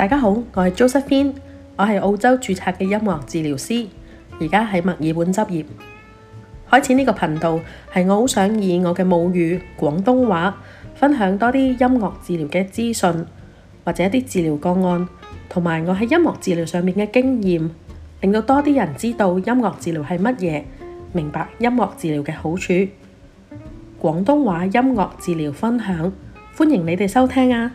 大家好，我係 Josephine，我係澳洲註冊嘅音樂治療師，而家喺墨爾本執業。開始呢個頻道係我好想以我嘅母語廣東話，分享多啲音樂治療嘅資訊，或者一啲治療個案，同埋我喺音樂治療上面嘅經驗，令到多啲人知道音樂治療係乜嘢，明白音樂治療嘅好處。廣東話音樂治療分享，歡迎你哋收聽啊！